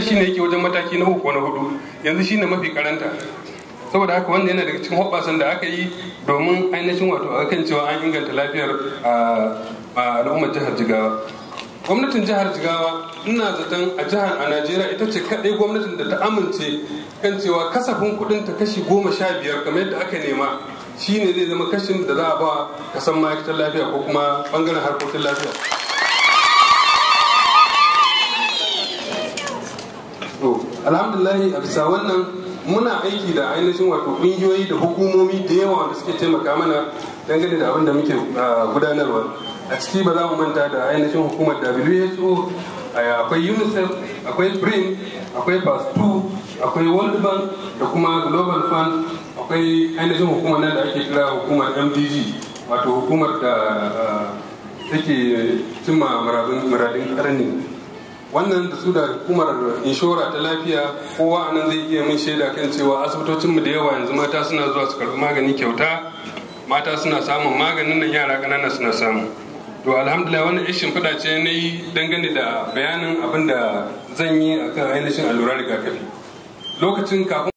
shi ne yake wajen mataki na uku na hudu yanzu shi ne mafi karanta saboda haka wanda yana daga cikin hoɓasan da aka yi domin ainihin wato a kan cewa an inganta lafiyar a al'ummar jihar jigawa gwamnatin jihar jigawa ina zaton a jihar a najeriya ita ce kaɗai gwamnatin da ta amince kan cewa kasafin kuɗin ta kashi goma sha biyar kamar yadda aka nema shine zai zama kashin da za a ba kasan ma'aikatar lafiya ko kuma bangaren harkokin lafiya to alhamdulillahi a bisa wannan muna aiki da ainihin wato ƙungiyoyi da hukumomi da yawa da suke taimaka mana dangane da abin da muke gudanarwa a ciki ba za mu manta da ainihin hukumar who akwai unicef akwai brin akwai pastu akwai world bank da kuma global fund akwai ainihin hukumar nan da ake kira hukumar mdg wato hukumar da take cimma muradin karni wannan da su da hukumar inshora ta lafiya kowa a nan zai iya mun shaida kan cewa asibitocinmu da yawa yanzu mata suna zuwa su karɓi magani kyauta mata suna samun maganin nan yara ƙanana suna samu to alhamdulillah wannan ishin fada ce na yi dangane da bayanin abin da zan yi akan ainihin allurar rigakafi lokacin kafin